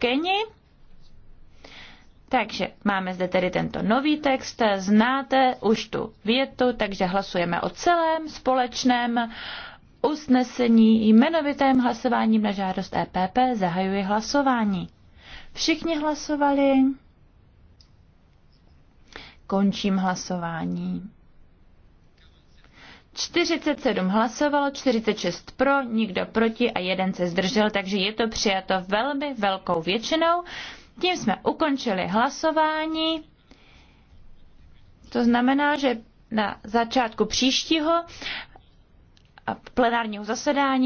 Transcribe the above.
Keni. Takže máme zde tedy tento nový text, znáte už tu větu, takže hlasujeme o celém společném usnesení jmenovitém hlasováním na žádost EPP. Zahajuji hlasování. Všichni hlasovali. Končím hlasování. 47 hlasovalo, 46 pro, nikdo proti a jeden se zdržel, takže je to přijato velmi velkou většinou. Tím jsme ukončili hlasování. To znamená, že na začátku příštího plenárního zasedání